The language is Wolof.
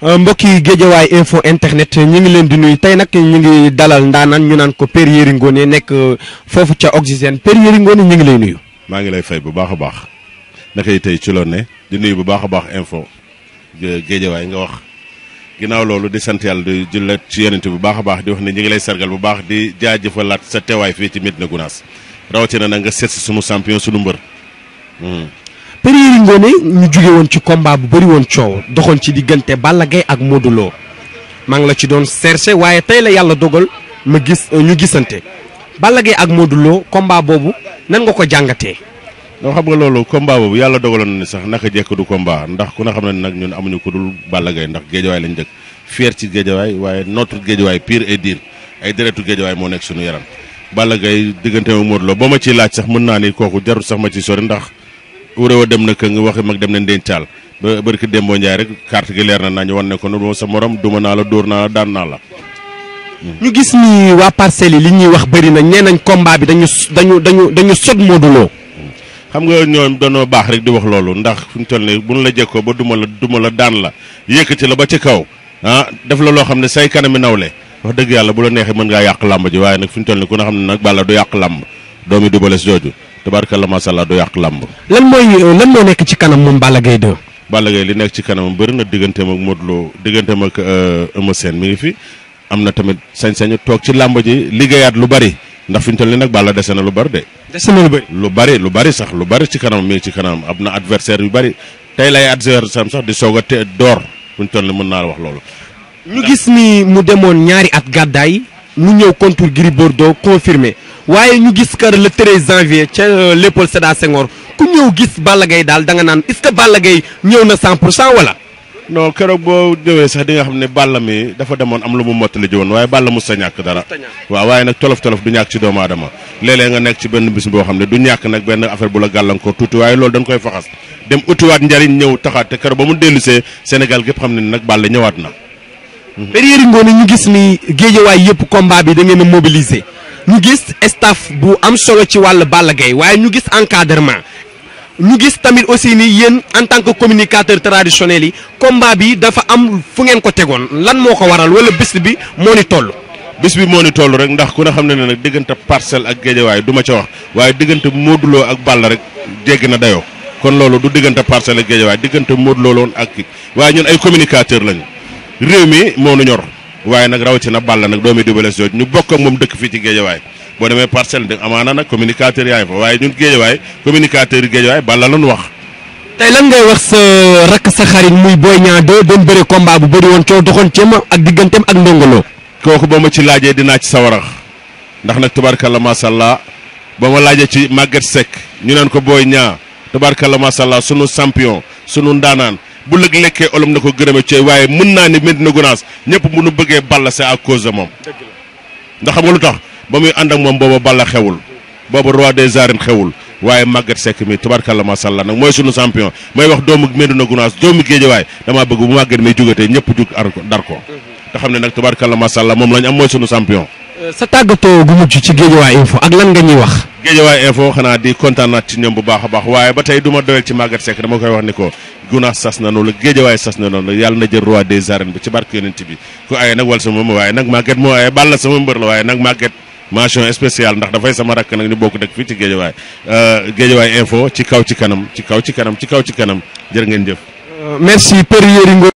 Euh, mbokki géejawaay info internet ñu ngi leen di nuy tey nag ñu ngi dalal ndaanaan ñu naan ko Père Yéri Ngoné nekk euh, foofu ca Oxygène Père Yéri Ngoné ñu ngi lay nuyu. maa ngi lay fay bu baax a baax nakay tey ci loon ne di nuyu bu baax a baax info géejawaay nga wax ginnaaw loolu di sant yàlla di jullit ci yonent bu baax a baax di wax ne ñu ngi lay sargal bu baax di jaajëfalaat sa teewaay fii ci Médina Gounass rawatina na nga seet si sunu champion sunu Péré Ngoné ñu jóge woon ci combat bu bëri woon coow doxoon ci diggante Balla Gaye ak Modou Lo maa ngi la ci doon cherché waaye tey la yàlla dogal ma gis euh, ñu gisante Balla Gaye ak Modou Lo boobu nan nga ko jàngatee. non xam nga loolu combat boobu yàlla dogaloon na sax naka jekk du ndax ku ne xam ne nag ñun amuñu ko dul Balla Gaye ndax géejawaay lañ dëkk fier ci géejawaay waaye notre géejawaay pire et dire ay deretu géejawaay moo nekk suñu yaram Balla Gaye diggante ak Modou Lo ma ciy laaj sax mën naa ni kooku jarul sax ma ci sori ndax. urewa dem na ngi waxe mag dem na dental ba barki dembo njaay rek carte gi leer na nañu wan ne ko no sa morom duma na la dor na la daan la ñu gis ni wa parcelle li ñi wax bari na nee nañ combat bi dañu dañu dañu dañu sot modulo xam nga ñoom dañu bax rek di wax lolu ndax fuñ buñ la jekko ba duma la duma la dan la yekati la ba ci kaw ah def la lo xamne ne say kanami nawle wax deug yalla bu la nexe mën nga yàq lamb ji waye nak fuñ ku na xamne nak nag du du lamb domi du dubales jooju tabaarkalla macha allah du yàq làmb. lan mooy lan moo nekk ci kanam moom Balla Gaye 2. Balla Gaye li nekk ci kanamam bëri na digganteem ak Modou Lo digganteem ak euh, Eumeu Sène mi ngi fi am na tamit sañ-sañu toog ci làmb ji liggéeyaat lu bari ndax fu ñu toll nii nag Balla dese na lu bari de. dese lu bari lu bari lu bari sax lu bari ci kanam mi ngi ci kanam am na adversaire yu bari tey lay adversaire sam sax di soog a te door fi ñu toll nii mën naa la wax loolu. ñu gis ni mu demoon ñaari at gàddaay mu ñëw contour waaye ñu gis que le 13 janvier ca euh, Léopold Sédar Senghor ku ñëw gis Balla Gaye daal danga naan est-ce que Balla Gaye ñëw na 100 pour cent wala. non keroog boo ñëwee sax di nga xam ne Balla mi dafa demoon am lu mu mottali jiwoon waaye Balla mu sa ñàkk dara waaw waaye nag tolof tolof du ñàkk ci doomu aadama léeg nga nekk ci benn bis boo xam ne du ñàkk nag benn affaire bu la gàllankoor tuuti waaye loolu dañ koy faxas dem utiwaat njariñ ñëw taxaat te keroog ba mu dellusee Sénégal gépp xam ne ni nag Balla ñëwaat na période ngoone ñu gis ni géejawaay yëpp combat bi da ngeen a mobiliser ñu gis staff bu am solo ci walu Balla gay waye ñu gis encadrement ñu gis tamit aussi ni yeen en tant que communicateur traditionnel yi combat bi dafa am fu ngeen ko tegoon lan moko waral wala bis bi mo ni tollu bis bi mo ni tollu rek ndax ku na xamne ne ne nag ak géejawaay way duma ci wax waye modulo ak Balla rek jéggi na dayo kon lolu du diggante parcel ak way diggante modulo lon ak waye ñun ay communicateur lañu réew mi nu ñor waaye nag rawatina Balla nag doomi Double Less jooju ñu bokk ak moom dëkk fii ci géejawaay boo demee parcelle de amaana nag communicateur yaa ngi fa waaye ñun géejawaay communicateur yi géejawaay Balla lañu wax. tey lan ngay wax sa rakk sa xarit muy Boy Niang 2 doon bëre combat bu bëri woon coow doxoon ceem ak digganteem ak ndongolo. kooku boo ma ci laajee dinaa ci sawarax ndax nag tubaarkalla macha allah ba ma laajee ci Maguette Seck ñu naan ko Boy Niang tubaarkalla macha allah sunu champion sunu ndaanaan. bu lëg lekkee olom na ko gërëme ci waaye mën naa ne Medina Gounass ñëpp bu nu bëggee Balla c'est à cause de moom ndax xam nga tax ba muy ànd ak moom booba Balla xewul booba roi des arènes xewul waaye Maguette Seck mi tubaarkàlla macha allah nag mooy sunu champion may wax doomu Medina Gounass doomu Géejawaay damaa bëgg bu Maguette mi jógatee ñëpp jug ar ko dar ko mm-hmm. te xam ne nag tubaarkàlla macha allah moom la ñu am mooy sunu champion Euh, sa tàggatoo gu mujj ci Géejawaay info ak lan nga ñuy wax. Géejawaay info xanaa di kontaan naat ci ñoom bu baax a baax waaye ba tey du ma doyal ci Maguette Seck dama koy wax ni ko Gunaas sas na noonu la Géejawaay sas na noonu la yàlla na jël roi des arènes bi ci barke yonent bi nag wal sama mbër la waaye nag Maguette. mention spéciale ndax dafay sama rakk nag ñu bokk dëkk fii ci Géejawaay euh, Géejawaay info ci kaw ci kanam ci kaw ci kanam ci kaw ci kanam jërë ngeen jëf. Euh, merci Père